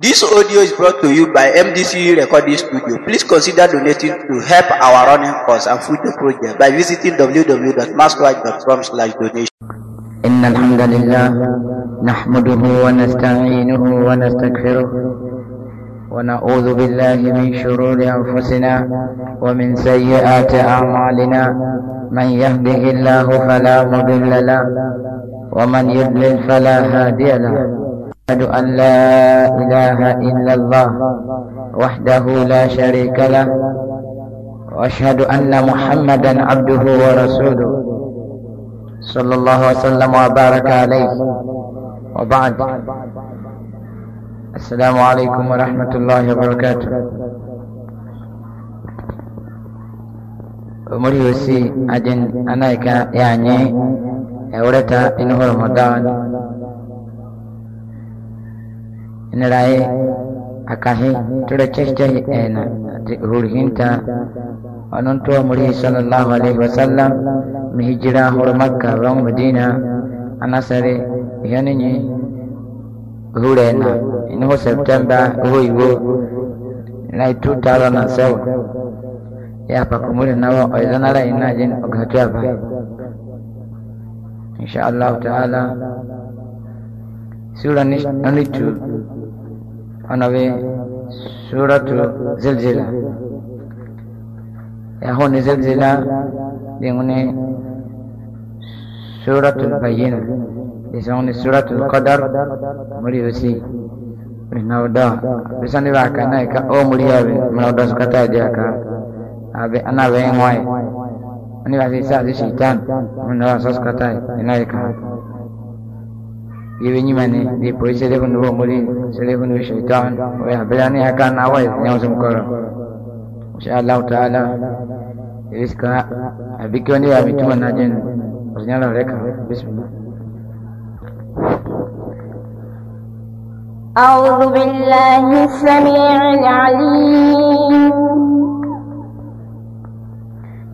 This audio is brought to you by MDC Recording Studio. Please consider donating to help our running costs and future project by visiting www.maskwatch.com slash donation. إن الحمد لله نحمده ونستعينه ونستغفره ونعوذ بالله من شرور أنفسنا ومن سيئات أعمالنا من يهده الله فلا مضل له ومن يضلل فلا هادي له أشهد أن لا إله إلا الله وحده لا شريك له وأشهد أن محمدا عبده ورسوله صلى الله وسلم وبارك عليه وبعد السلام عليكم ورحمة الله وبركاته أمري وسي أجن أنايكا يعني أورتا إنه رمضان niraye akahi tura chechche ena hurhinta anuntu muri sallallahu alaihi wasallam mihijira hur makka rong medina anasare yani ni hurena inho september huibu na 2007 yapa kumuri nawo oizanara inajin ogatwapa insha allah taala sura ni ونبي سورة زلزلة يهون زلزلة ديوني سورة البينة ديسون سورة القدر مريوسي منودا بسني باكا نايكا او مريابي منودا سكتا جاكا أبي أنا بين واي أنا بسيسا دي شيطان منودا سكتا نايكا ماني دي بويسة دي فندو بمولي سلي فندو ويا ويحبلاني هكان عوائد نيوزم كورا إن شاء الله تعالى رزقا أبيكي يا أبيتوما ناجين وزنيا الله لك بسم الله أعوذ بالله السميع العليم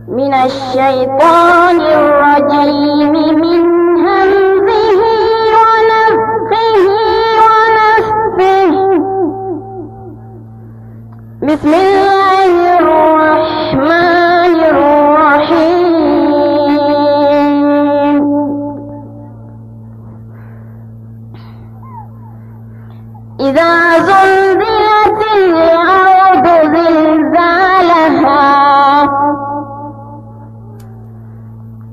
من الشيطان الرجيم من بسم الله الرحمن الرحيم إذا زلزلت الأرض زلزالها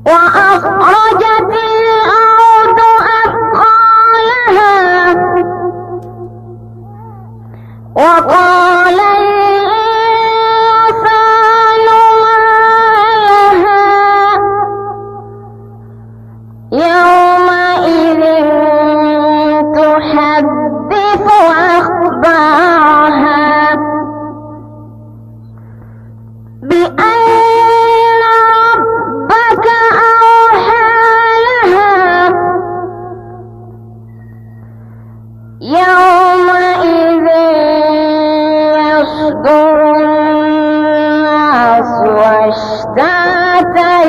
وأخرجت الأرض أثقالها وقال يومئذ يصدر الناس واشتاتا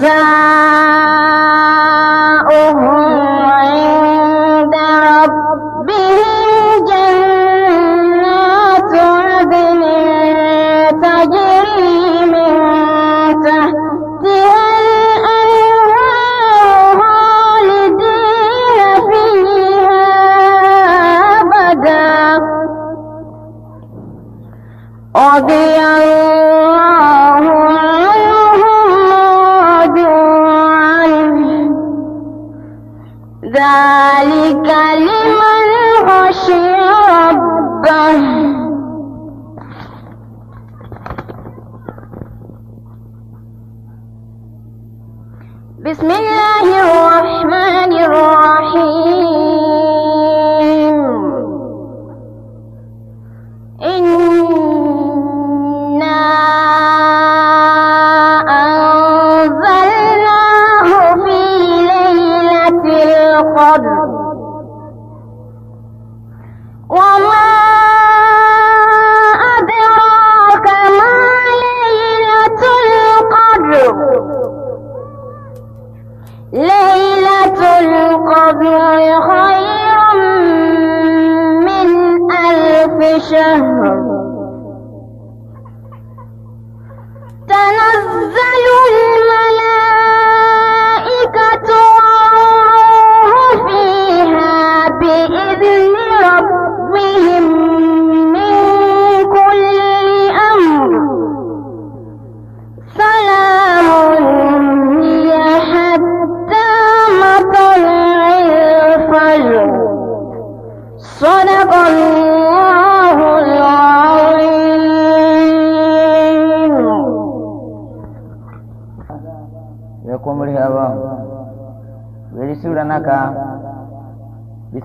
Gaza. ذلك لمن خشي ربه بسم الله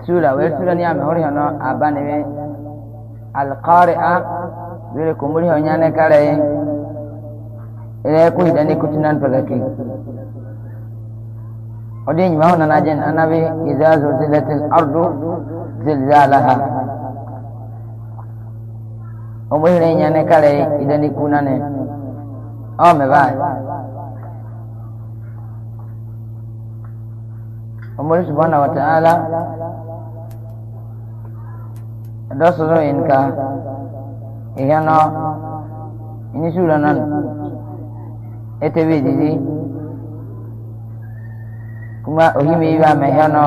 sura wee sura ni ame hori hono abani we alqari'a wele kumuli ho nyane kare ile ku hidani kutinan palaki odi nyima hona na jen anabi idza zulzilatil ardu zilzalaha omuli ne nyane kare idani kunane o me bai omuli subhanahu wa ta'ala dos so in ka iya no ini suranan ete bi di di kuma ohi mi ba me ya no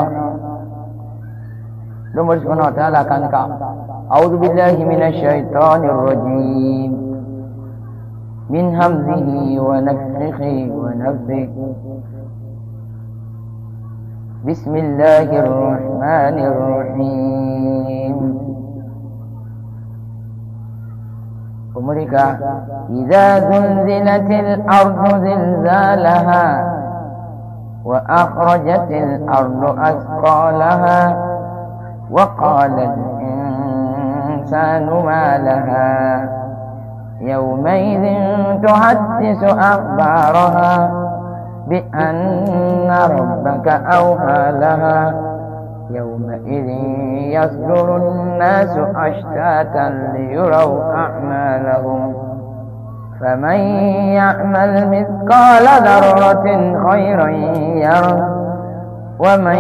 do mo subhanahu wa ta'ala kan ka a'udhu billahi minash shaitanir rajim min hamzihi wa nafthihi wa nafthihi بسم الله الرحمن الرحيم أمريكا إذا زلزلت الأرض زلزالها وأخرجت الأرض أثقالها وقال الإنسان ما لها يومئذ تحدث أخبارها بأن ربك أوحى لها يومئذ يصدر الناس أشتاتا ليروا أعمالهم فمن يعمل مثقال ذرة خيرا يره ومن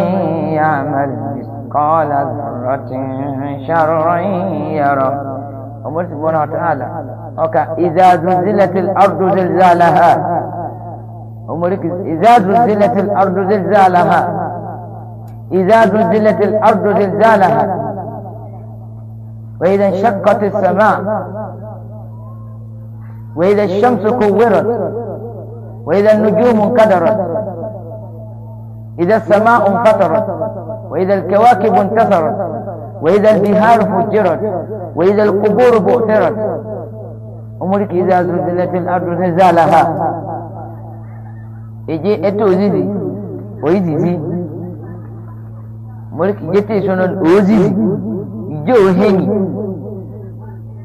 يعمل مثقال ذرة شرا يره ومن سبحانه وتعالى إذا زلزلت الأرض زلزالها ومن إذا زلزلت الأرض زلزالها إذا زلزلت الأرض زلزالها وإذا انشقت السماء وإذا الشمس كورت وإذا النجوم انكدرت إذا السماء انفطرت وإذا الكواكب انتثرت وإذا البهار فجرت وإذا القبور بؤثرت أمرك إذا زلزلت الأرض زلزالها إجي وإيدي زيدي mulki jete sono ozizi ijo ohenyi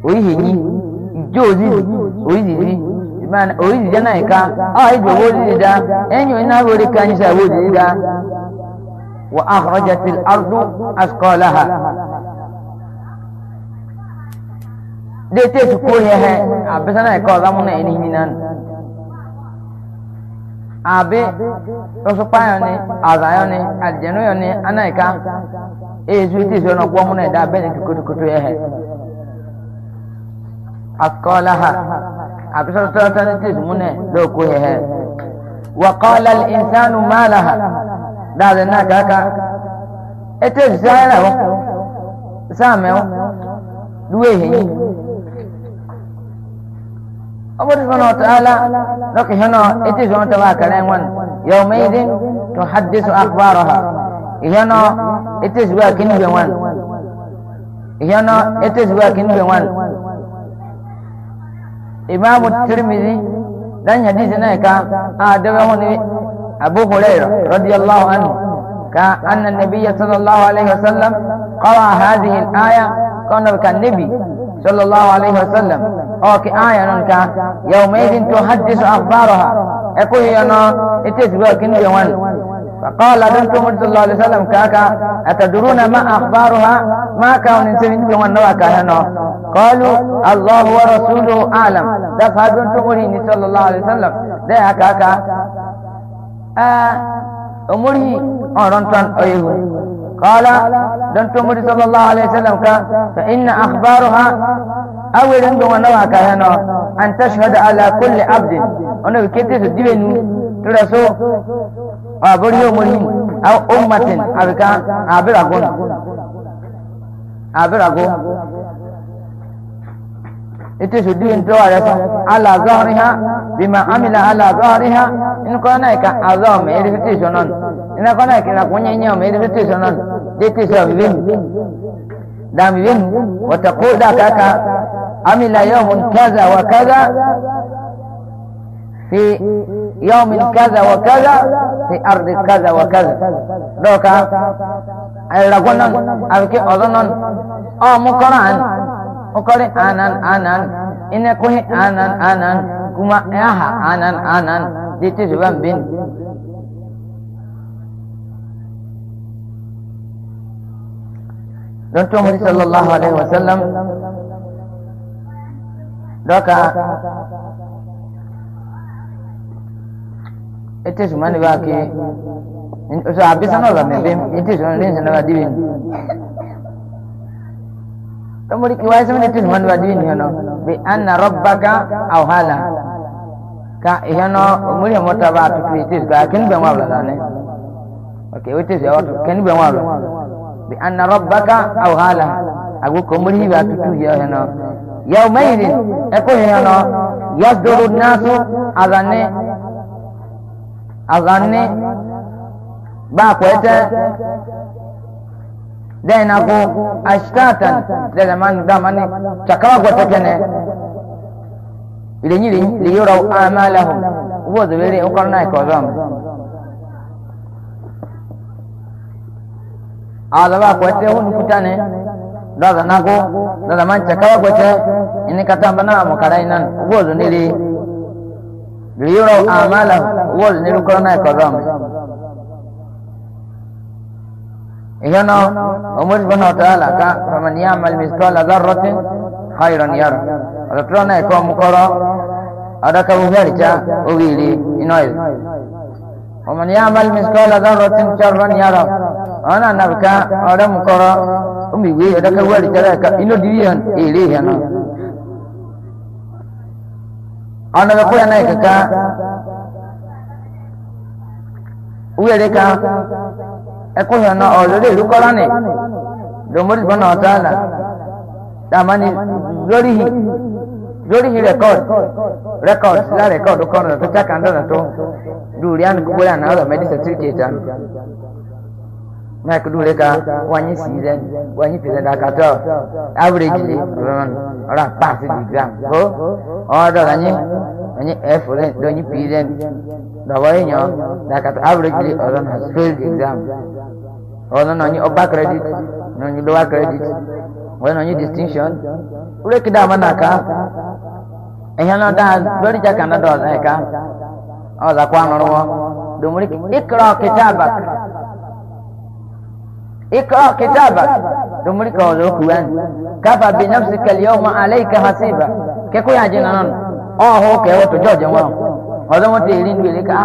oyihenyi ijo ozizi oyizizi imana oyizizi anayika a ijo ozizi da enyo ina wori kanyi sa ozizi da wa akhrajat al ardu asqalaha dete su ko hehe abesana ka zamu na eni hinan abe osopayɔ ni azayɔ ni adidɛnuyɔ ni anayika eye suwiti sɔ nɔ kpɔmu na yi daa bɛni tukutukutu yɛ hɛ akɔla ha abisɔsɔsɔ ni ti sumu nɛ lɛ ko yɛ hɛ wakɔla insanu maala ha daale na kaka ete sisa yɛ la wɔ saa mɛ duwe yɛ yi. أمر سبحانه وتعالى لقي هنا إتي سبحانه وتعالى كلام يومئذ تحدث أخبارها هنا إتي سبحانه كنه وان هنا إتي سبحانه كنه وان إمام الترمذي لن حديثنا كا آدبه أبو هريرة رضي الله عنه كأن النبي صلى الله عليه وسلم قرأ هذه الآية كان النبي صلى الله عليه وسلم اوكي آية نونكا يومئذ تحدث أخبارها اقول يا it is working the one فقال أنت مرد الله عليه وسلم كاكا أتدرون ما أخبارها ما كان نسمين في من نواكا قالوا الله ورسوله أعلم دفع أنت مرين صلى الله عليه وسلم ده كاكا أمري أرنتان أيه قال دون تمر صلى الله عليه وسلم كا فإن أخبارها أول عندما ونوها كهنا أن تشهد على كل عبد أنه كتير دينه ترسو أبريو مريم أو أمة أبكا أبرقون أبرقون ite su din to ala sun ala zahriha bima amila ala zahriha in ko na ka azam e rifiti sonon in ko na ka kunya nya me rifiti sonon de ti so bin da bin wa taqul da ka ka amila yawmun kaza wa kaza fi yawmin kaza wa kaza fi ardi kaza wa kaza doka ala gonon alki odonon o mukoran ukore anan anan ina kuhi anan anan kuma yaha anan anan dite zuban bin don to muri sallallahu alaihi wasallam doka ite zumani ba ke usa abisa no ba me bim ite zumani rinsa na Somebody why somebody tin one wa dini yono bi anna rabbaka aw hala ka yono muri mota ba to tweet ga kin be mawla dane okay which is your kin be mawla bi anna rabbaka aw hala agu ko muri ba to tu yono yawmayn eko yono yasduru nasu azane azane ba kwete then ako ashtatan dadamani damane cakawagwatakene ilenyi liyurau amalahum ubozebere ukarnai kozam adaba kwete hunkutane dada nako dada man cakawagwate ini katamba na mukarai nan ubozo nili liyurau amalahum ubozo nili ukarnai kozam هنا عمر سبحانه وتعالى فمن يعمل مثقال ذرة خيرا يرى أذكرنا يكون مقرى أدك مفارجة أغيري إنويز ومن يعمل مثقال ذرة شرا يرى أنا نبكى أدى مقرى أمي بي أدك مفارجة إنو ديوين إليه أنا أنا بقول أنا يكا ويريكا ẹkọ yẹn náà ọlọdẹ ìlú kọlá ni lomori bọnà ọtá là đi, đi, rồi rồi record, record, record, con đó là dàmánì lórí lórí rẹkọd rẹkọd sílá rẹkọd kọ́nù lọ́tọ́ jákàndọ́ lọ́tọ́ lórí àná gbogbo yà náà lọ mẹ́dísẹ̀ tìrìkìtà náà kudu rẹ ka wọnyi season đã season dakatọ average đi, le ọlọ́run paasi di gram ko ọ̀dọ̀ kanyi kanyi f rồi rẹ dọ̀nyi p rẹ vậy yẹn đã dakatọ average le ọlọ́run has failed exam. no, no, ọ̀nyi upper credit no, ọ̀nyi lower credit wọ́n nà ọ̀nyi distinction break down mọ́ nàka ẹ̀yàn náà dáa lórí ìjà kan náà dọ̀ọ̀sán ẹ̀ka ọ̀sà kó àrùn wọn domini ikra kitabak ikra kitabak domini kọ̀ ọ̀dọ̀ kùwẹ́n káfà bí nafsi kẹlẹ́ ọmọ alẹ́ ìka hasiba kẹ́kọ̀ọ́ yà jẹ́ nànà ọ̀hún kẹ́wọ́ tó jọ̀ọ̀jẹ̀ wọn ọ̀dọ́ wọn ti rí nbẹ̀rẹ̀ ká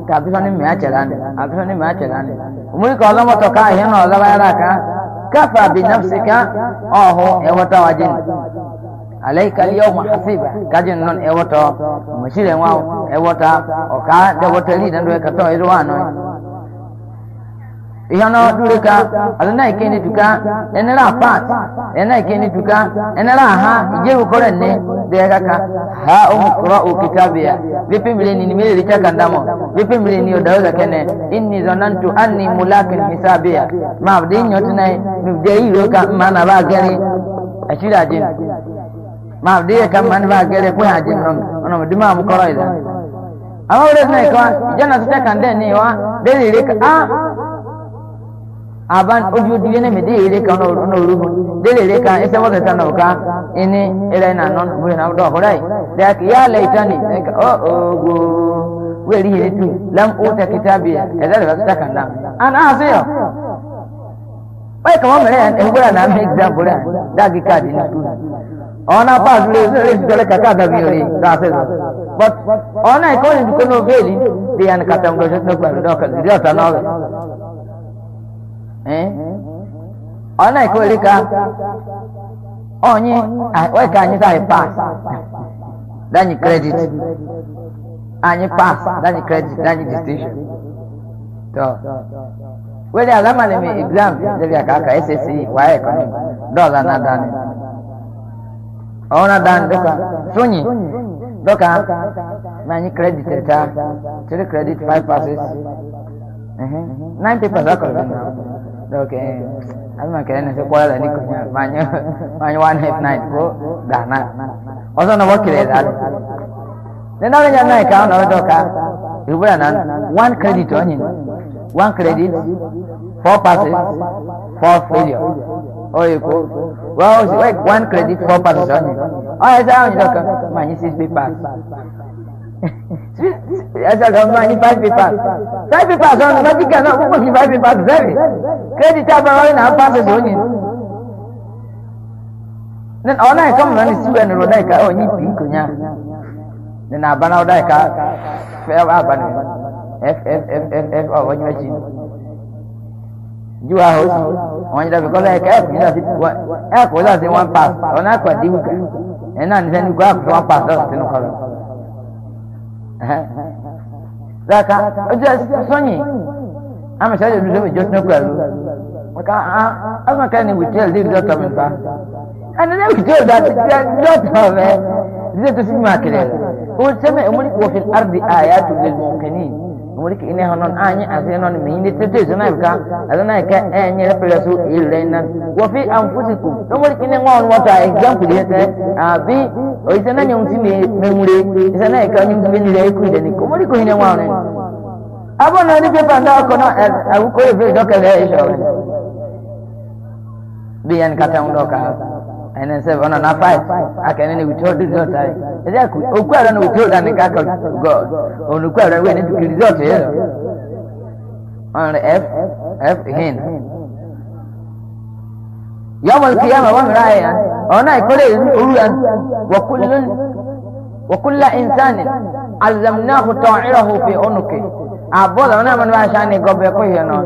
nka abisọ́ni mìíràn kyẹ̀lá ni abisọ́ni mìíràn kyẹ̀lá ni muri ka zama to ka hin no zama yara ka kafa bi nafsika oho e wata wajin alaika al-yawma hasiba kajin non e wata mushire wa e wata o ka da wata ri dan do ka to ihana duka alana ikeni duka enera pat ena ikeni duka enera ha je ukore ne dega ka ha umqra kitabia vipi mle ni mimi lichaka ndamo vipi mle ni odaweza kene inni zanantu anni mulakin hisabia ma abdi nyoti nai mibdei roka mana ba gari ashira jin ma abdi kam man ba gari kwa hajin non ono dima mukora ida ama wale na ikwa jana tutaka ndeni wa deli rika ah aban oju diye ne mede ere kan no no rubu dele ere kan ese mo kan no ka ini ere na no mo na do horai da ki ya laitani ka o o go we ri ere tu lam uta kitabi e da da ta kan na an asiyo bai kama mere en ebura na me example da ki ka di tu ona pass le le dele ka ka da bi ori da se but ona ko ni ko no veli de an ka ta mo so no pa do ka ri ta na Eh? ọ̀nà ìkórè ká ọ̀nyin wẹ́ẹ̀ka anyi sáyé pass dányi credit anyi pass dányi credit dányi distinction tọ́ wẹ́ẹ̀ni alámàlẹ́mi exam dẹ́bi àkàkà ssc wàá ẹ̀kọ́ ni dọ́ọ̀lá náà dání ọ̀húnà dání dọ́kà sóyìn dọ́kà nanyi credit ẹ̀ta three credit five passes nine papers akọ̀lẹ́ náà. Okay. Ano man kaya nasa kuala ni kunya manyo one half night ko dana. Oso na work kile dal. Nena kanya na ka na do ka. Ibu nan one credit onyin. One credit four passes four failure. Oh, ko. Well, like one credit four passes onyin. Oh, esa onyin do ka. Manyi six pass ẹsẹ̀lẹ̀ ọmọ ní five papers five papers ọ̀nà mẹ́tíkà náà púpọ̀ sí five papers bẹ́ẹ̀ kírẹ́dìtì abẹ́rẹ́ náà pàṣẹsì ó yìn. ọ̀nà ìkọ́mù náà ní síwẹ̀ ní rọ̀dá ìka ọ̀ yín pìí kò yá ní nà àbáná ọ̀dá ìka fẹ́ àbáná fff ọ̀ ọ̀nyẹ́ ẹ̀kí. ju ahọ́ sí ọ̀nyẹ́ dàbí kọ́lá ẹ̀ka ẹ̀kọ́ láti one pass ọ̀nà àkọ́dé wù raka ojú sọnyìn amẹsẹ ọjọ ìdúró ìjọ tún kúrò ah, ah, lọ nka afọkẹ ni wìtẹl dé dọtọ mi fa ẹni ní wìtẹl dọtọ mẹ dídé tó fi àkìlẹ rẹ o sẹmẹ ìmúlẹ wọfin ardi àyà tó lè mọ kẹni muri ki ine honon anya asine non mi ni tete zona ka azana ka enye pele su ilena wa fi anfusikum no muri ki ne ngon wata example yete abi o isana nyum ti me memure isana ka nyum ti ni le ku de ni ko muri ko ine ngon abo no ni pepa nda ko no awu ko e be dokale e sho bi an kata undoka ẹnẹ sẹ ọ̀nà na five akẹ́ni ni withhold result ayé ẹ̀dẹ́ àkú okú ẹ̀rọ ni withhold and kaka god onukú ẹ̀rọ wẹ̀ ní tukì result yẹn lọ ọ̀nà f f hin yọmọ nkì yẹn ma wọn mìíràn ayé yẹn ọ̀nà ìkọ́lé òru yẹn wọ́kúlá ìnsáni alzamnahu tọ́ọ̀cìrọ̀hu fi onuke àbọ̀dà ọ̀nà àmàlà bá a ṣáà ní yẹn nọ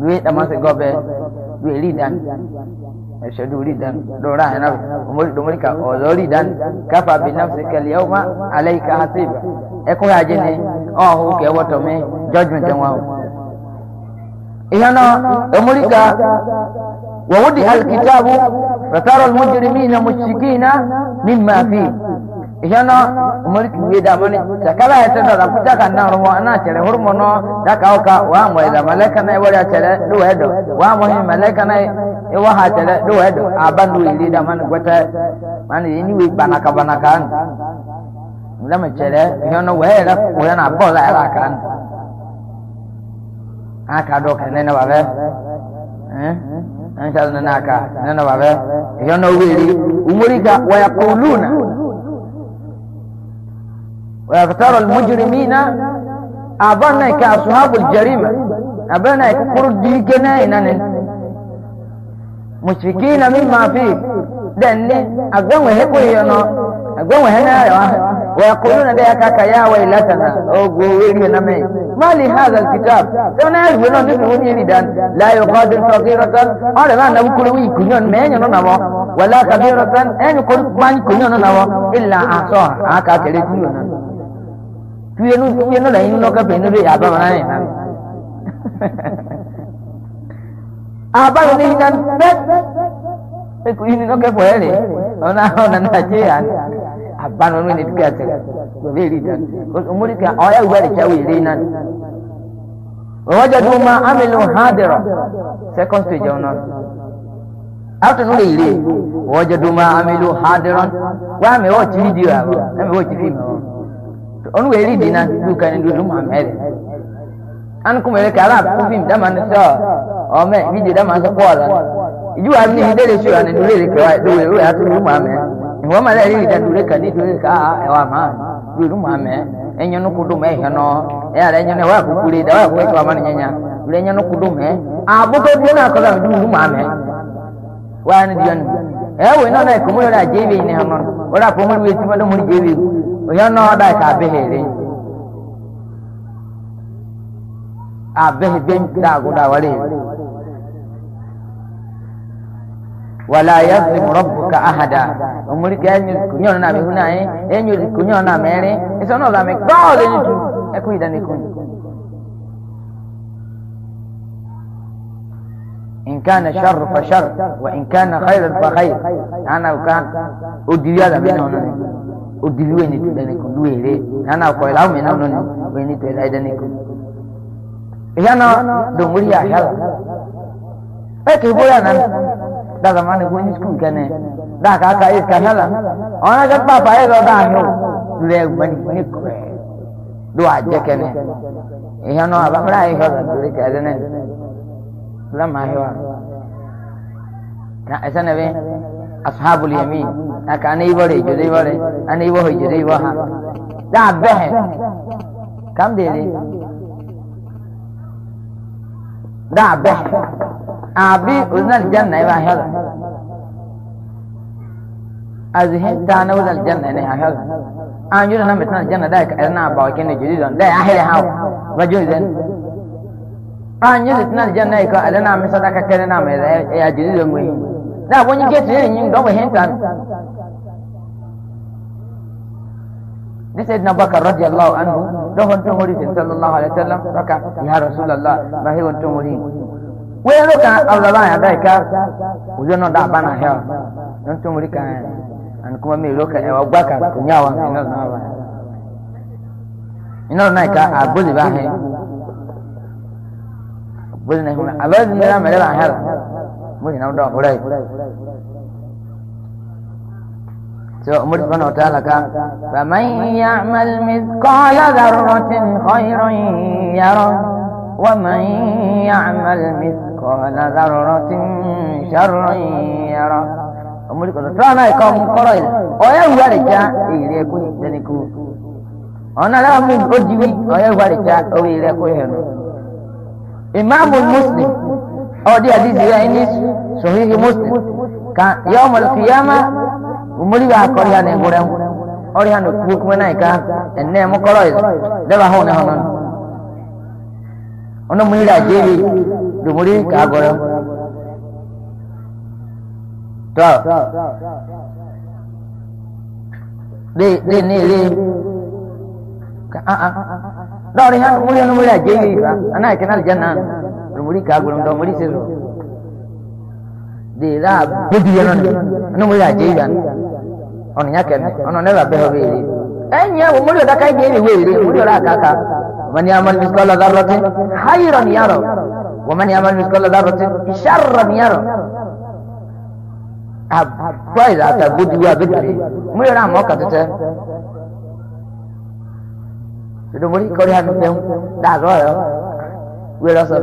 wíwé dàmásì gọ́bẹ̀ wíwé lì dání. shaidu ridan dora hana umuri dumurika ozori dan kafa bi nafsika al-yawma alayka hasiba e ko ya jini o hu ke woto me judgment en wawo ihana umurika wa wudi al-kitabu fatara al-mujrimina mushrikina mimma fihi iheno mulki weda mani takala ya tendo la kutaka na roho ana chere hurmo no daka oka wa mweza malaika na wala chere do edo wa mohi malaika na wa ha chere do edo abandu ilida mani gwata mani yini we banaka banaka an mlama chere iheno wera wera na bola ala kan aka do kanene babe eh an shalna naka nana babe iheno wiri umurika wa yaquluna ويغتر المجرمين أبانا كأصحاب الجريمة أبانا كفرد ديكنا إنان مشفكين مما فيه لأن أقوم هكو ينو أقوم هنا ويقولون بأكاك يا ويلتنا أقوم نمي ما لهذا الكتاب سمنا يجبنون أنهم يريدان لا يقادر صغيرة قال ما نبكل ويكنون من ينو ولا كبيرة أن يقول ما يكنون إلا أعصاها أكاك لتنون tuyenu tuyenu la inu ka nu de aba ma ne na aba ne ina ne e ku inu no ke po ele ona ona na che ya aba no ne dikya te ko be ri ta ko umuri ka oya wa ri cha wi ri na wajadu ma amilu hadira second stage ona after no ile wajadu ma amilu hadiran wa me o ti video aba me o ti film onu weri dina duka ni dudu muhammed an kuma yake ala kufin dama ni so o me dama so ko ala iju wa ni hidele shi wa ni dure le kwa dure ru atu ru muhammed ni wa mala ri da dure ka ni dure ka e wa ma duru muhammed enyo no kudu me he no e ala enyo ne wa ku kure wa kwa ma ni nya dure enyo no kudu me abu to na ko da duru muhammed wa ni diyan e we no na ko mo ra jebe ni hanon ora ko mo we ti ma do mo jebe onye nọ ọda ka abeghere abeghe be nkiri agụda wale wala yazlimu rabbuka ahada omuli e ka enyu kunyono na mihuna e enyu kunyono na mere eso no zame god enyu tu ekuida ne kun إن كان شر فشر وإن كان خير فخير أنا وكان أدري هذا منه odiluwe ni tudaniku duwere nana kɔ ɛla awome nanu ni we ni tu ɛla ɛdaniku eya na domori ya yala ɛkè e bóyá nanu dada ma ni wọnyi sukuu kɛnɛ daa ka aka esi kanala ɔn na kɛ papa yɛ lɔ daa nyɔ lɛ gbani ni kɔɛ do adze kɛnɛ eya na abamira yɛ hɔ lɔdori kɛ ɛdini lamahɛ e wa ɛsɛ e ne bi ashabul yamin aka anai bare jodai bare anai wa jodai wa ha da behe kam de de da behe abi uznal janna wa hada azhin ta na uznal janna ne hada an jira na mitan janna da ka erna ba kin ne jodi don da ya hele ha ba jodi den an jira na janna ka alana mi sadaka kana na mai ya jodi don mu da bo nyi ke tire nhưng do bo hen tan This is Nabakar radiallahu anhu do hon to hori tin sallallahu alaihi wasallam raka ya rasulullah ma he hon to hori we lo ka awla ba ya dai ka uzo no da bana he non to hori ka an kuma me lo ka e wa ka kunyawa ina na ba ina na ka abuzi ba he abuzi này, hu abuzi na mere ba he muni nam dong ulai so umur subhanahu أنا Oh di hadis juga ini Sahih Muslim. Ka yaumul qiyamah umuri ga korihane guram. Orihanu hukme nai ka enne mo koroi. Deba hone honon. Ono muhira jeli, dumuri ka goram. To. Di di ni di. Ka a a. Dorihanu muhira mulai ka. Anai kenal jenang. muri ka gurum do muri se de ra bidi yana ne no muri aje yana on nya ken on ne ra be ho be eh nya wo muri da kai be ni we ri muri ra ka ka man yamal misqala dharratin khairan yara wa man yamal misqala dharratin sharran yara abai da ta budi wa bidi muri ra mo ka tete Sudah mulai kau lihat dah kau بسم الله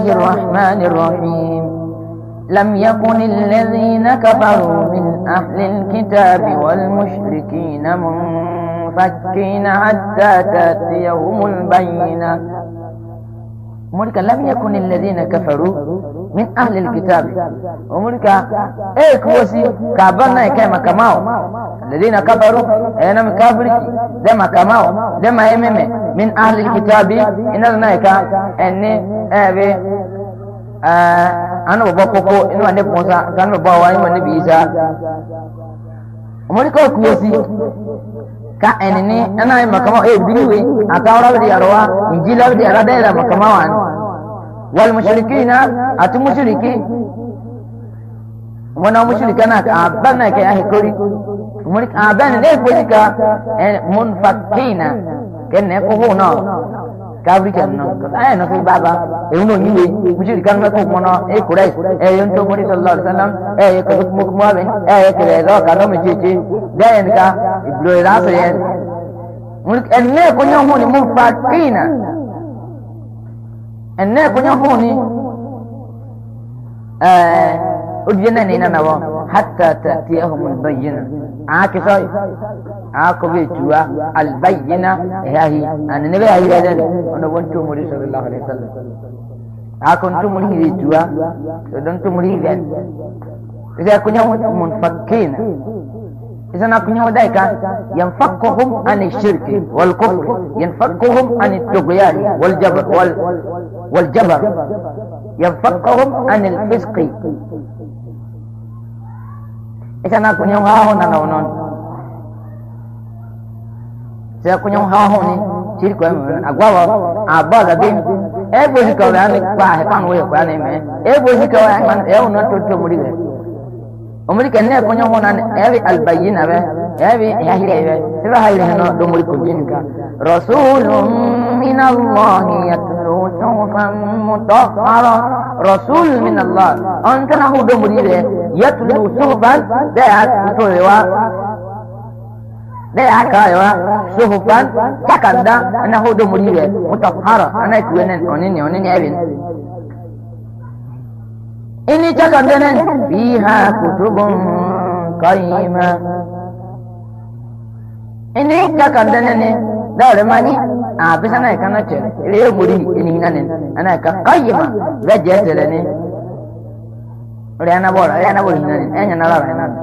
الرحمن الرحيم لم يكن الذين كفروا من أهل الكتاب والمشركين منفكين حتى تأتيهم البينة ملك لم يكن الذين كفروا من أهل الكتاب وملك إيه كوسي كابرنا إيه كما كماو الذين كفروا أنا إيه مكابرك دم كماو دم هم إيه من أهل الكتاب إن لنا إني أبي anu baba koko inu ane musa kanu baba wa inu ane bisa omori ko kuosi ka enini ana ai makama e biniwe akawra bi arwa injila bi arada era makama wan wal mushrikina atu mushriki mwana mushrika na abana eh, ke hekori, kori omori abana ne ko jika mun fakina kenne ko hono kafiri kenan aya na kai baba e mo ni ye mujiri kan ko mo na e kurai e yon to muri sallallahu alaihi wasallam e e ko mo mo ben e e kire do ka no mi ji ji de en ka iblo ira so ye mulk en ne ko nyon ho ni mu fakina en ne ko nyon ho ni eh o di na ni na na حتى تأتيهم البينة عاك صاي عاك بيتوا البينة هي أنا نبي هي هذا أنا وانت مري صلى الله عليه وسلم عاك وانت مري بيتوا وانت مري ذن إذا كنا منفكين إذا نكون ذلك ينفكهم عن الشرك والكفر ينفكهم عن الطغيان والجبر والجبر ينفكهم عن الفسق ikana kunyong hahon na naunon kunyong hahon ni chiri kwa mo agwawa abba da bin ebo hikawa ni kwa he kan we kwa ni me ebo hikawa ni man e unon to to omuri kenne konyo honan evi albayina be evi yahire be eba hayre no do muri kujinka rasulun min allah yatlu sawfan mutahhara rasul min allah antana hu do muri be yatlu sawfan da atuwa da aka yawa sawfan takanda ana hu do muri be mutahhara ana kuwenen onini onini evin ini caka denen fiha kutubun qayyima ini caka denen dawre mani a bisa na kana ce re muri ini nanen ana ka qayyima da je tele ne re ana bora re ana bora nanen enya na rawa nanen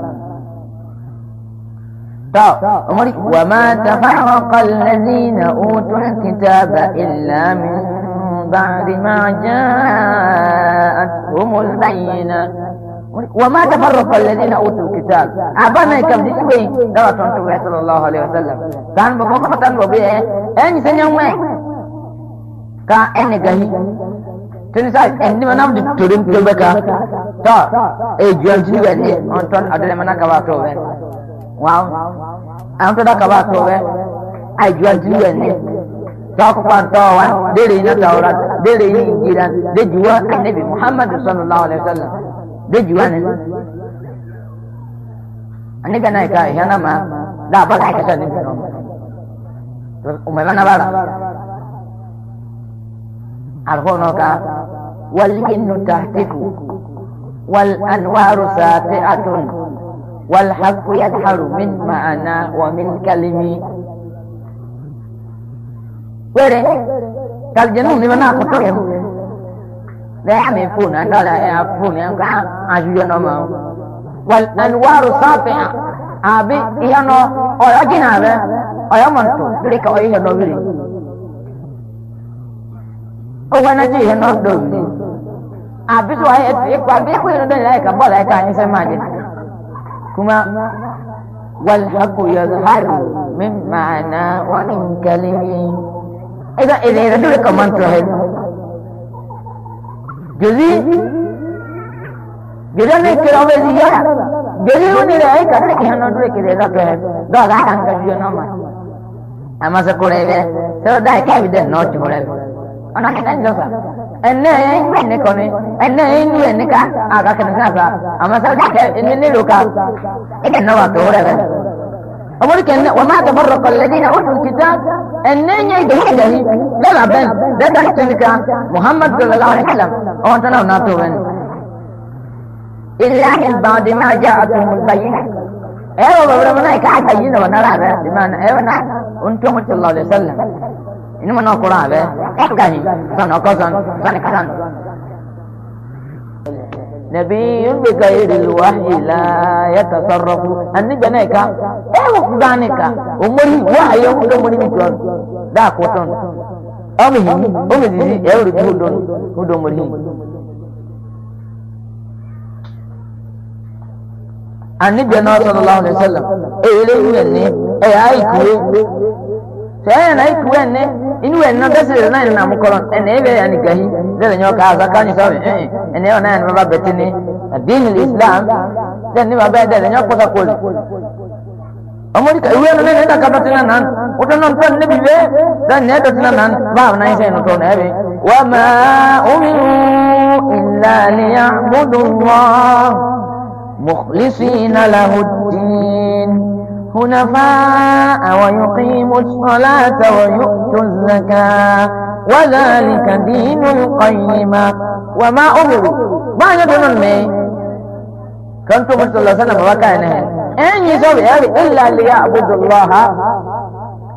ta umari wa ma tafarraqa alladhina utul kitaba illa min بعد ما جاءتهم البينة وما تفرق الذين أوتوا الكتاب أبانا كم دي دوا تنتوه صلى الله عليه وسلم كان بفوق فتن وبيه أين سنعوه كان أين قهي تنسى أين من أمد تريم تبكى تا أي جوال جيوه دي أنتون أدري منا كباتوه واو أنتون كباتوه أي جوال جيوه دي تقوى الطاوة ديري نتورة ديري إنجيلا دجوة النبي محمد صلى الله عليه وسلم دجوة النبي أنا كاي أنا ما لا بس هيك سنة منهم وما أنا بلا أرهونا والجن تهتك والأنوار ساطعة والحق يدحر من معنا ومن كلمي were kal jenu ni bana ko to yehu la yami funa la la ya funa ga aju no ma wal anwaru safi'a abi ihano o ajina be o yamanto dire ka o ihano bire o wana ji ihano do abi so ay ko abi ko no dai ka bola ka ni sai maje kuma والحق يظهر من معنى ومن كلمه Esa en el de command traje. Jadi jadi ni kira apa dia? Jadi ni dia ay kata kita nak dulu kita dah kah, dah dah angkat dia nama. Ama sekolah ni, so dah kah dia not sekolah. Anak kita ni dosa. Enne ini ni kau ni, enne ini ni kah? Agak kena apa? Ama sekolah ni ni luka. Ini nawa tu orang. أقول كأن وما تفرق الذين أوتوا الكتاب أنني يدهون دهي لا لا بن لا تحسن كان محمد صلى الله عليه وسلم أو أنت لو بن إلا من بعد ما جاءتهم البينة أيوة بابا منا إكاعة حيينة ونرى بها بمعنى أيوة نحن أنتم صلى الله عليه وسلم إنما نقرأ بها إحكاني سنة قصن سنة قصن نبي بغير الوحي لا يتصرف أني بنيك أيوة فدانك أمري وحي يوم أمري مجوان دا كوتون أمي أمي زي أولي كودون كودون مري أني بنا صلى الله عليه وسلم إيه ليه إيه أي كوي سيان أي كوي inu wɛ nina dɛsɛ yɛrɛ n'ayɛlɛ n'amu kɔrɔ ɛnɛ ebe ya eh, eh, ni gahi dɛlɛ nyɔ ka aza kan yi sɔ mi ɛn ɛnɛ yɔ n'ayɛlɛ baba bɛti ni adiini islam dɛlɛ niba bɛ dɛlɛ nyɔ kɔsa koli ɔmɔdi ka iwe nana ɛna ka dɔti nan wotɔ nɔn tɔ ne bi bɛ dɛlɛ nɛ dɔti na nan baa n'an sɛ nɔtɔ n'ɛ bi wa ma umiru illa liya mudu wa mukhlisina lahu di. حنفاء ويقيم الصلاة ويؤت الزكاة وذلك دين القيمة وما أمر ما يدون المي كنت مرسل الله سنة وكأنه إن يسوي أبي إلا ليعبد الله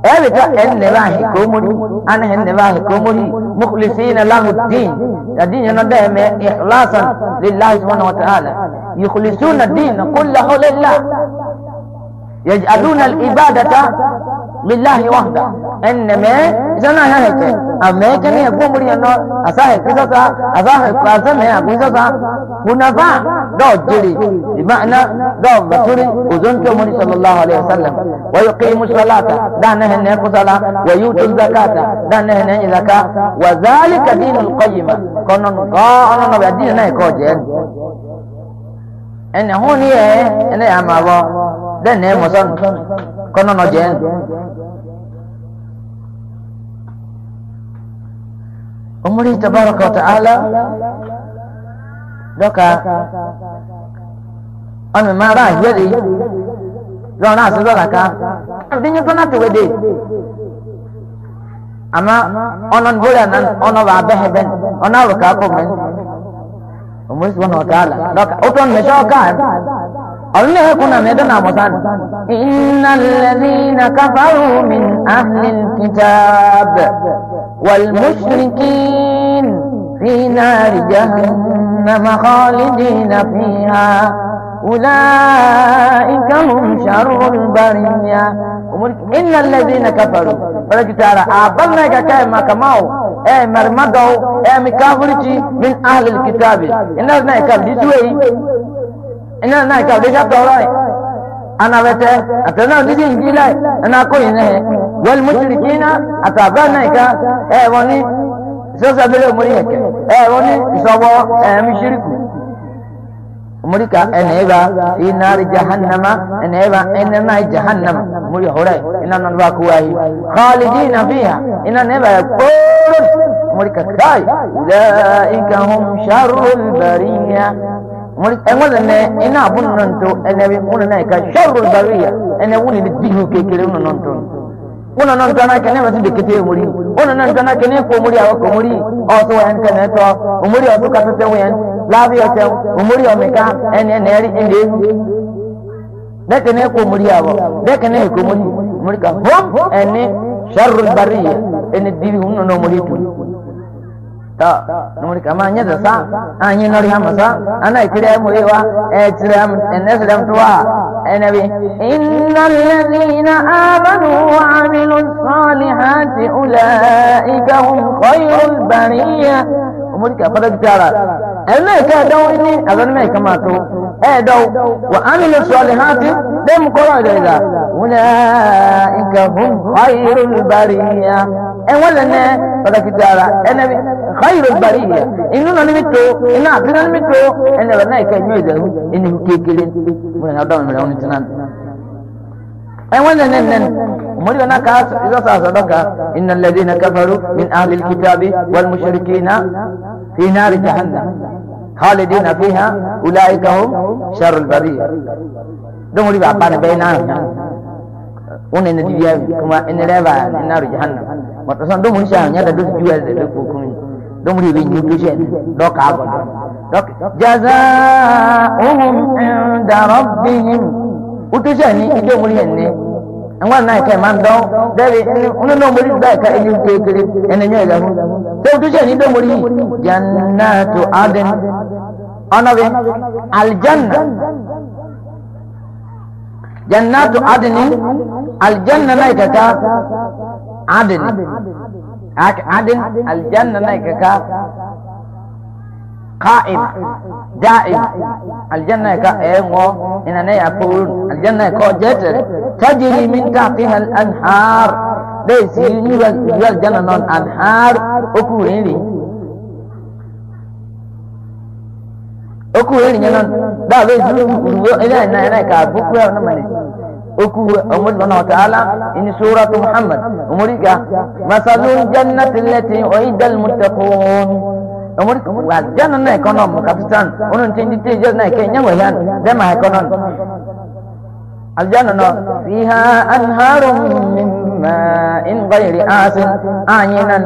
أبي إن نباه كومني أنا إن نباه كومني مخلصين له الدين الدين ينبه إخلاصا لله سبحانه وتعالى يخلصون الدين كله لله يجعلون العبادة لله وحده انما جنا ہے کہ اب میں کہنے کو مڑی نو اسا سا اسا ہے قاسم ہے ابو سا منافع دو جڑی بمعنى دو بطري اذن کے مڑی صلی اللہ علیہ وسلم ويقيم الصلاة دعنا هنا صلاة ويؤتي الزكاة دعنا هنا زكاة وذلك دين القيمة كنا نقاعنا نبي الدين نايكوجين ان هون هي ان يا مابا den ne mosan kono no jen umri tabaraka wa ta'ala doka on ma ra yeri lo na so doka ka dinyo kono to wede ama onon bola nan ono ba beheben ona ro ka ko men umri subhanahu wa ta'ala doka oton me shoka الله كنا ميدنا مصان إن الذين كفروا من أهل الكتاب والمشركين في نار جهنم خالدين فيها أولئك هم شر البرية إن الذين كفروا ولكن ترى أبلنا كما كماو أي مرمدو أي مكافرتي من أهل الكتاب إن الذين كفروا ina na ka de ja dora ana wete atana ndi ji ji lai ana ko ine wal mushrikina atabana ka e woni so sa bele muri ke e woni so bo e mi shiriku muri ka ene ba ina ri jahannama ene ba ene na jahannama muri hore ina nan ba ku ai khalidina fiha ina ne ba ko muri ka kai ulaika hum sharrul bariyah ɛŋɔlɛ nɛ ɛna abu nɔ nto ɛnɛ bi ŋun nana yi ka sɛwuro bari ya ɛnɛ ŋun ni dihu kekele ŋun nɔ nto ŋun nɔ nto anake ne bɛ ti de kete omori ŋun nɔ nto anake ne ko omori awɔ ko omori ɔtɔ yɛn tɛ nɛ tɔ omori ɔtɔ kato tɛ wɛn laabi ɔtɛ omori ɔmika ɛnɛ nɛri ɛnɛ ehu dɛkɛ ne ko omori awɔ dɛkɛ ne ko omori omori ka hom ɛni sɛwuro bari ya ɛnɛ dihu ŋun nɔ omori tu. ta nomori kama nya da sa anyi nori hama sa ana ikire mu rewa etire mu enesire mu tuwa enabi innal ladina amanu wa amilus salihati ulaika hum khairul bariyah umuri ka fadak tara ene ka daw ini azan me kama to e daw wa amilu salihati dem ko ra da ida ulaika hum khairul bariya e wala ne fadak tara ene bi khairul bariya inu no ni to ina bi no ni to ene wala ne ka nyu da ini kekele mun na daw ni ra oni tanan وانا نن مريد إن الذين كفروا من أهل الكتاب والمشركين في نار جهنم خالدين فيها أولئك هم شر البرية دون مريد أبانا بينا ونن دي كما إن ربا نار جهنم وتصن دون مريد شاهن يدا دوس جوال دون دوك جزاؤهم عند ربهم utusha ni ijo muri enne angwa na ke man do devi uno no muri ba ka ijo ke kire ene nyo ga hu se utusha ni do muri jannatu aden ana we al janna jannatu aden al janna na ka ka aden aden al janna na ka ka qa'im da'i aljanna ka engo ina ne akurun aljanna ko jeter tajri min tahtiha al anhar de si ni wal aljanna non anhar okurin ri okurin ri non da be zuru ruwo ina na na ka buku ya na mane oku umur subhanahu wa ta'ala ini surah muhammad umurika masalul jannati allati uidal muttaqun omori wa jana na ekonom kapitan ono ntindi te jana na kenya wa dema ekonom aljana no fiha anharum min ma'in ghairi asin anyinan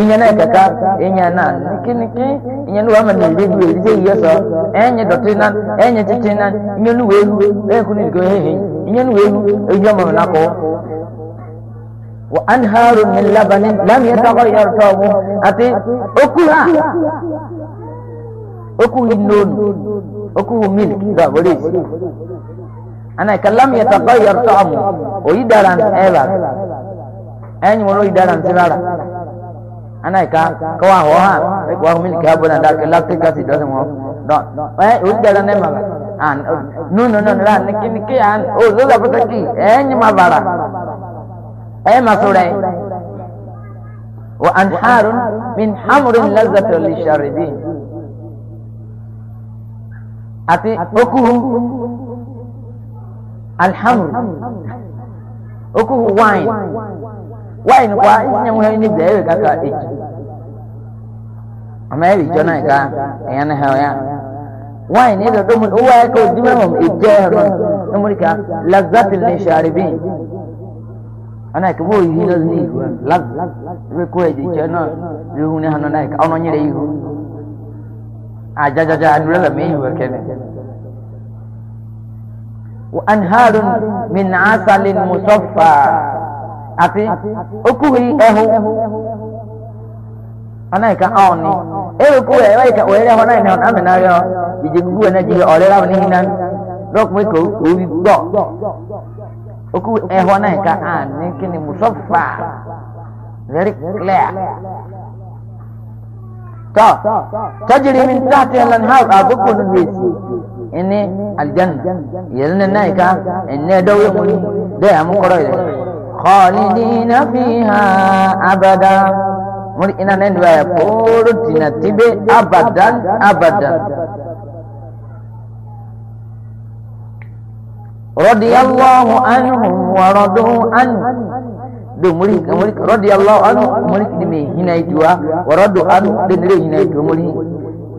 inyana kaka inyana nikiniki inyana wa mani le du elise yeso enye dotinan enye titinan inyanu welu ekuni go hehe inyanu welu ejama na ko وأنهار من لبن لم يتغير طعمه أتي أكوها أكوه النون أكوه ملك لا بليس أنا كلام يتغير طعمه ويدران إيبا أين ولو يدران سرارا أنا كا كوا هوها كوا ملك أبونا دا كلا تكاسي دسمه دون أي ويدران إيبا أن نون نون لا نكي نكي أن أو زولا بسكي أين ما بارا اي مصورة وانحار من حمر لذة للشاربين اتي اكوه الحمر اكوه واين واين كوا اسنه مو هيني بلاوي كاكا ايج اما يجي جنا كا يعني هيا واين اذا دم هو هيك قدامهم ايجاهم امريكا لذة للشاربين ana ke boy hi dal ni lag we ko je na ru ne hanu na ka ono nyere ihu aja ja ja anure la me hu ke anharun min asalin musaffa ati okuhi ehu ana ka oni e ko e wa ka o re hona ne na me na yo jije gugu na jije ore ra ni hinan dok oku ɛhɔ na ka a ne kini musɔfa very clear tɔ tɔjiri min taati ɛlan ha agogo nu bi esi ɛni alijanna yɛlɛ ne na ka ɛnɛ dɔw ye mun dɛ amu kɔrɔ yɛlɛ kɔlidina fiha abada muri ina ne ni b'a ye pooro tina tibe abadan abadan. radhiyallahu anhum wa radu an do muri muri radhiyallahu anhu muri dimi hinai jua ah. wa radu an din re hinai to muri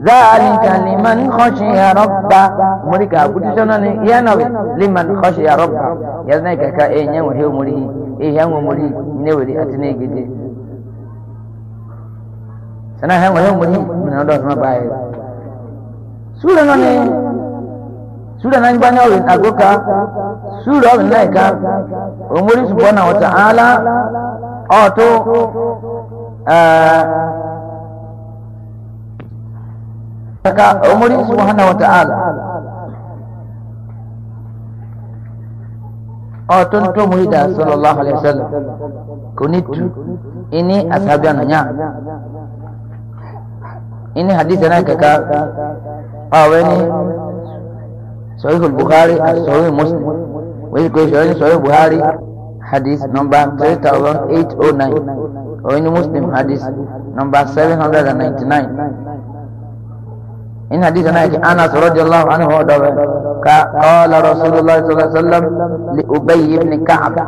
zalika liman khashiya rabba muri ka buti sonane ya nawe liman khashiya rabba ya nai ka ka e nyawo he muri e yanwo muri ne wuri atine gidi sana hanwo he muri mun odo sama bae sura nane sura nan bana win agoka sura win naika umuri subhanahu wa ta'ala auto saka umuri subhanahu wa ta'ala auto to muida sallallahu alaihi wasallam kunit ini ashabiannya ini hadis kakak ka aweni صحيح البخاري صحيح مسلم ويذكر شعرين صحيح البخاري حديث نمبر 3809 وين مسلم حديث نمبر 799 إن حديث أنس رضي الله عنه قال رسول الله صلى الله عليه وسلم لأبي بن كعب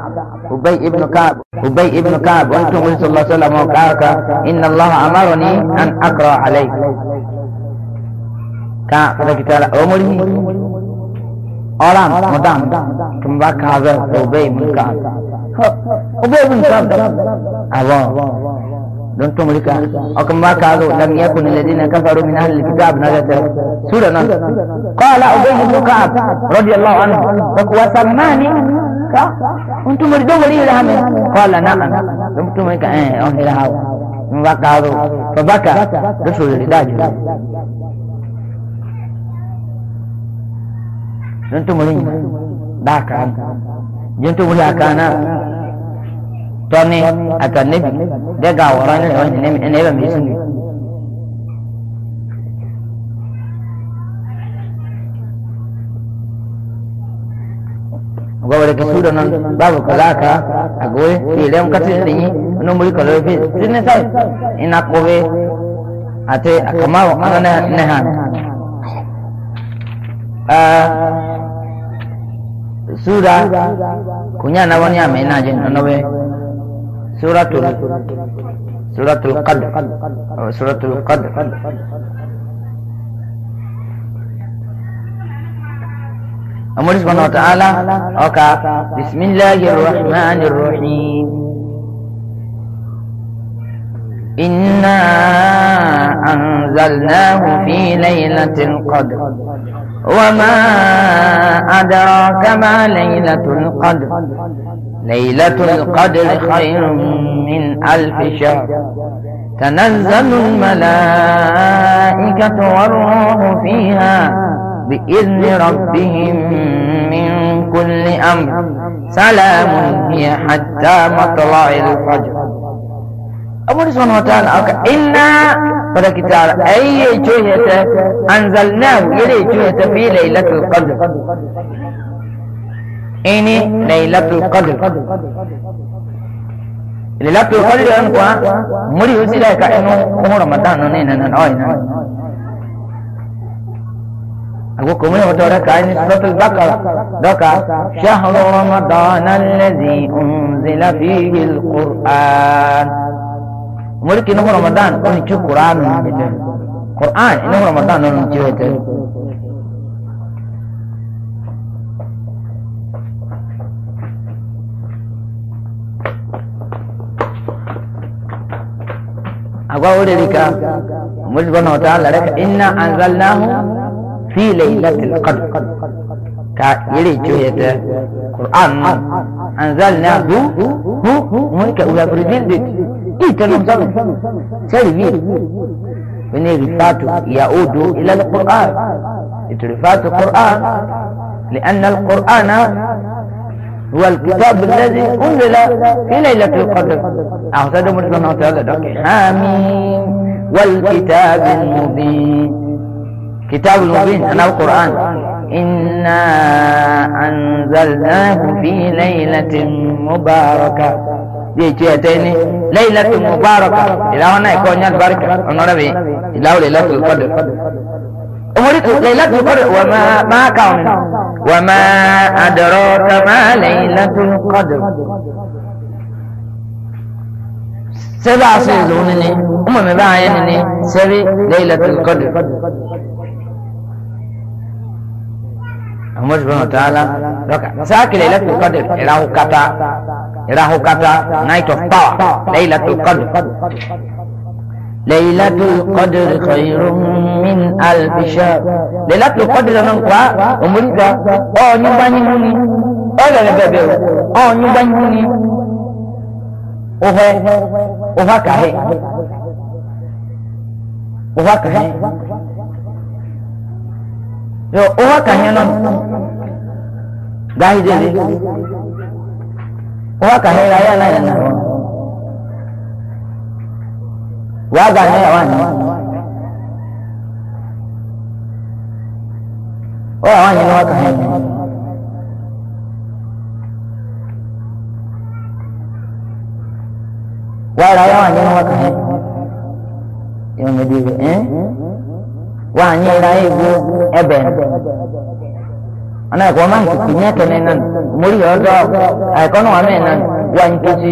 أبي بن كعب أبي بن كعب وأنتم صلى الله عليه وسلم وقال إن الله أمرني أن أقرأ عليك كعب فكتاب أمره أولان مدان كم باك هذا أبي من كان أبي من كان أبا دون تملكا أو كم باك هذا لم يكن الذين كفروا من أهل الكتاب نزلت سورة قال أبي بن كعب رضي الله عنه وسماني أنتم مردوا لي لهم قال نعم أنتم ملكا أه أهل هذا كم باك هذا فبكى رسول الله runtu muling bahkan juntu mulia kana tone aka nabi daga warana da wani nabi ne ba mai sunni gawar ka su nan babu kaza ka a goye filin katin da yi wani muri kalorfi sun ne sai ina kowe a te wa kanana na hannu آه، سورة كنيا نوانيا مينا جن نوبي سورة سورة القدر أو سورة القدر أمر سبحانه وتعالى أوكا بسم الله الرحمن الرحيم إنا أنزلناه في ليلة القدر وما أدراك ما ليلة القدر ليلة القدر خير من ألف شهر تنزل الملائكة والروح فيها بإذن ربهم من كل أمر سلام هي حتى مطلع الفجر أمر سبحانه وتعالى إنا فلا كتاب أي جهة أنزلناه إلي جهة في ليلة القدر إني ليلة القدر ليلة القدر أنقوا مري وسيلة كأنه أمور مدان نين نين أين أقول كم يوم ترى كائن سورة البقرة دكا شهر رمضان الذي أنزل فيه القرآن mulki na ramadan on ci qur'an ite qur'an ina ramadan on ci ite agwa wuri rika mulki na wata Allah raka inna anzalnahu fi lailatul qadr ka yiri ci ite qur'an anzalnahu hu mulki ula bridin سلبي يعود إلى القرآن اترفات القرآن لأن القرآن هو الكتاب الذي أنزل في ليلة القدر أعتقد مسلم تعالى حميم والكتاب المبين كتاب المبين أنا القرآن إنا أنزلناه في ليلة مباركة جيجي أتيني ليلة مباركة إلى هنا يكون البركة ونربي إلى ليلة القدر أمرت ليلة القدر وما ما كون وما أدراك ما ليلة القدر سبع سيزونني أمم بعينني سبي ليلة القدر أمر سبحانه وتعالى ساكي ليلة القدر إلى كتا راهو كاتا نايت اوف باور ليلة القدر ليلة القدر خير من ألف شهر ليلة القدر ننقوا أمريكا أو نباني هوني أو لا نبابيو أو نباني هوني أوه أوه كاهي أوه كاهي yo owa ka hɛnɛ gahi de de wakane raya na yana wagane awani owa awani ni wakane waraya awani ni wakane yomedibe eh wanyi raya ibu ebene ana kwa man ku kinya to nenan muri yodo ay kono ame nan wan tusi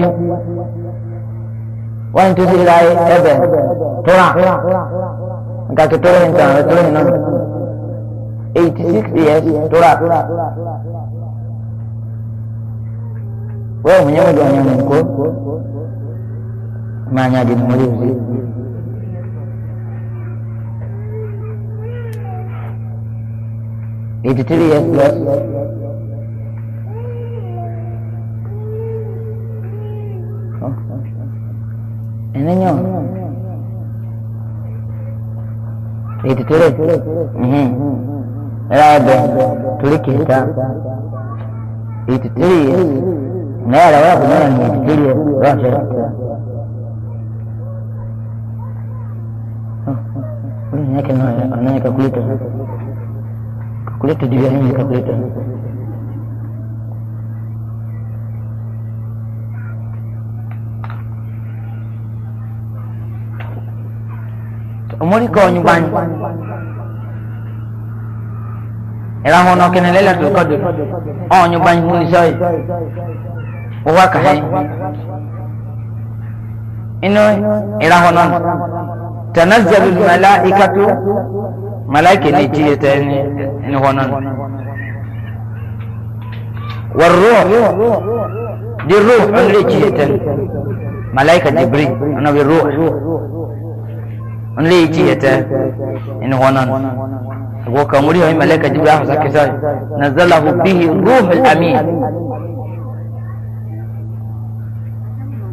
wan tusi dai ebe tora ga ke tora en tan tora nan 86 years tora wewe mwenyewe ndio unyanyakuo manya di muri Itu dulu ya, Mbak. Oh. Ini nyo. Itu dulu. Hmm. Ya, ada. Dulu kita. Itu dulu ya. Nah, ada apa benar ini? Itu dulu ya. Wah, saya. Oh, ini kenal, ini kekulitan. Calculator di biar ini calculator. Umuri kau nyuban. Era hono kene lela tu kadu. Oh nyuban huni soi. Owa kahai. Eh? Ino era hono. Tanazzalul malaikatu malaike ne ji ta ni ni honon war ruh di ruh an le ji ta malaika jibril ana bi ruh an le ji ta ni honon go kamuri hay malaika jibril ha sakisa nazalahu bihi ruhul amin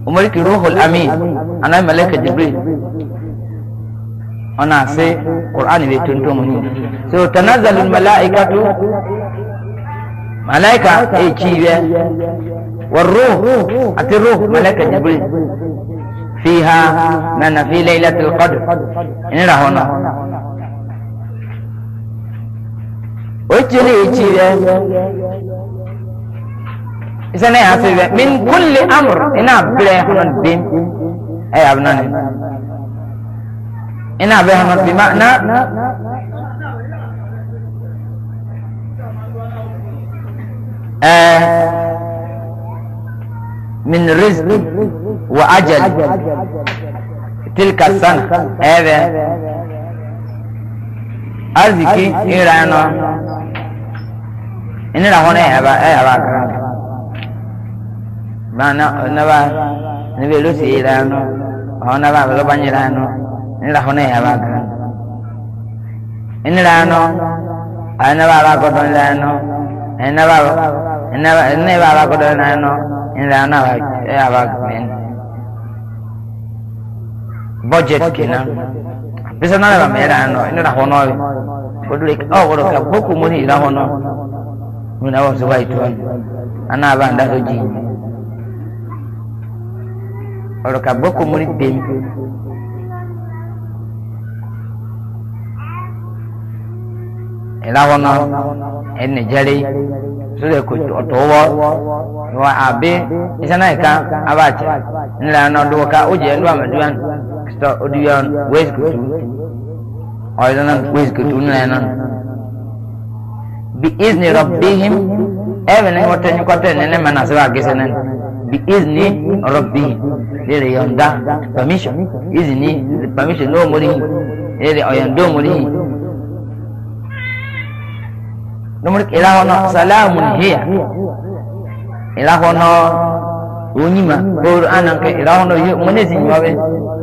umar ki ruhul amin ana malaika jibril أنا سي القرآن بيتون تومني سو تنزل الملائكة ملائكة أي شيء والروح أت الروح ملائكة جبريل فيها نحن في ليلة القدر إن رهونا وجري شيء إذا ina بمعنى آه من رزق وأجل تلك السنة هذا أرزكي إيرانا إن رهونا هبا هبا ما نبا نبي لوسي إيرانا هنا نبا بلو بني إيرانا ano? ano? nirahone yabaga enirano anaba abakoto nirano enaba ano? abakoto nirano enirano abaga budget kenan bisa nara ba mera ano nirahono kodule oh kodoka boku muni nirahono muna wa zuwa itwan ana ba ndaso ji kodoka boku muni bim ilawono ene jari sule ko towo wa abe isana ka abache nla no do ka uje ndo amaduan sto odiyan wes kutu oyana wes kutu nla no bi izni rabbihim even wata ni kwata ne ne mana sawa gesenen bi izni rabbihim dere yonda permission izni permission no muri dere oyando muri nomor ila salamun hiya ila hono onyima bor ananke ila hono yo monezi nyawe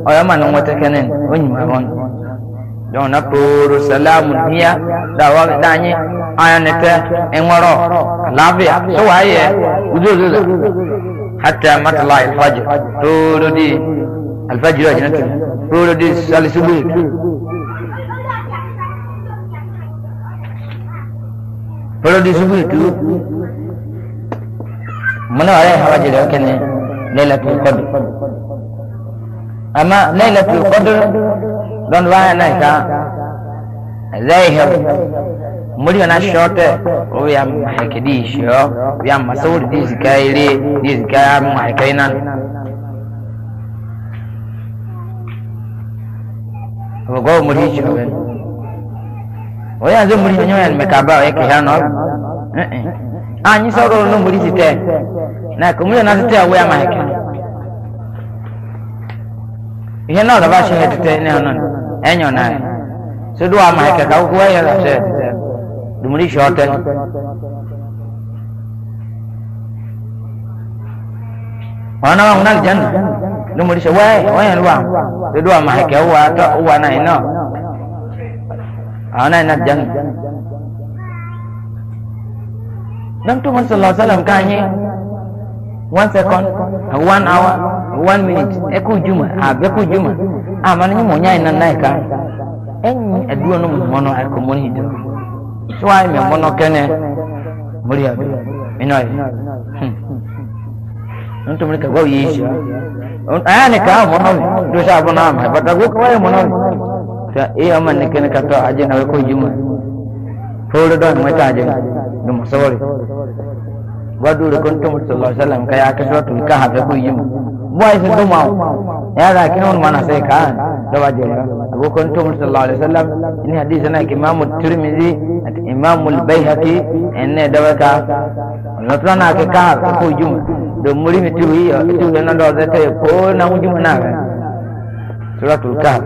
oya manu ngote kenen onyima hon don bor salamun hiya dawa danye ayanete enworo lafia so waye uzuzuza hatta matla alfajr toro di alfajr ajnatu toro salisubu Perlu disebut itu. Mana orang hawa jadi kena Lailatul Qadr. Ama Lailatul Qadr don wahana ka zahir muri na short o ya hakidi sho ya masawur dizikaire dizikaya mu hakainan Ogo muri sho oya zo muri nyonya ni mekaba oya ke hano eh eh anyi soro no muri site na kumuri na site awe ama heke ihe na da ba shi hete ne hono enyo na so do ama heke ka ko ya da se dumuri shoten wana wa unal janna dumuri shawai wa ya ruwa do ama heke wa ta uwa na ino ana ina janna dan tu man sallallahu alaihi wasallam kanye one second one hour one minute eku juma abe ku juma amana ni mo nyai nan nai ka en aduwa no mo no ko mo ni kene muri abi ino ai non to mo ka go yi shi aya ne ka mo no ta iya man ne kana kato aje na ko juma foro don mata aje dum sawari wadu da kuntum sallallahu alaihi wasallam kai aka so tun ka hafe ko juma mu ai sun duma ya da kin mun mana sai ka da waje abu kuntum sallallahu alaihi wasallam ini hadisi na imam tirmidhi at imam al-baihaqi enne da waka lotla na ka ka ko juma do muri mitu yi tu na do zata ko na juma na suratul kahf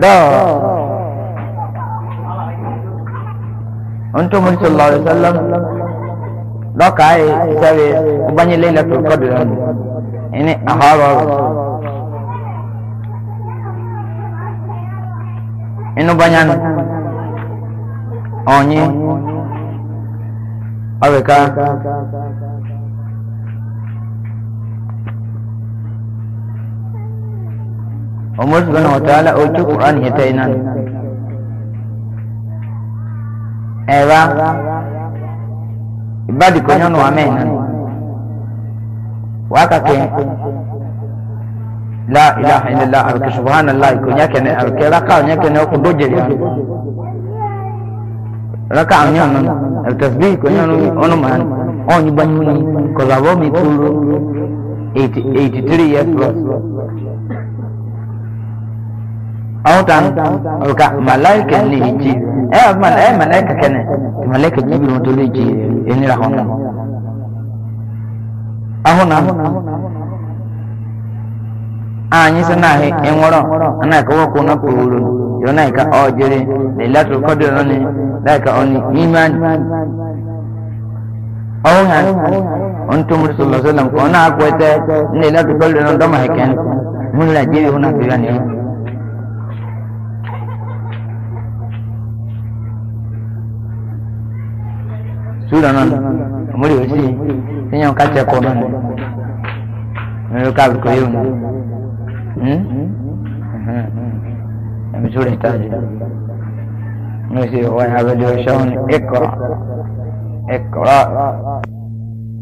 dáa انتو من صلى الله عليه وسلم دوكا اي سوي وبني ليلة القدر يعني احارة انو بنيان اوني اوكا ọmọ sùgbọ́n náà wọ́tàlá ojú kùránì hìtẹ́ iná ni ẹ̀rá ìbádìkọ̀ yánnú amẹ́ iná ni wákàkẹ́ la ilaha illallah arke subhanallah ikonya kene arke raka onya kene ko doje ya raka onya non al tasbih konya non ono man onyi banyuni ko zawo mi eighty three years plus awutan ka malaika ni hiji eh man eh malaika kene malaika jibril mutulu hiji ini lah hono ahona anyi sana he enworo ana ka wo kuna pulu yona ka ojere lailatul qadr ni laika oni iman awhan antum rasulullah sallallahu alaihi wasallam kona akwete lailatul qadr ndo maheken mun la jiri huna kirani sura nan muri osi tinyo kacha ko nan nero ka ko yun hmm hmm sura taji no si wa hada jo shon ikra ikra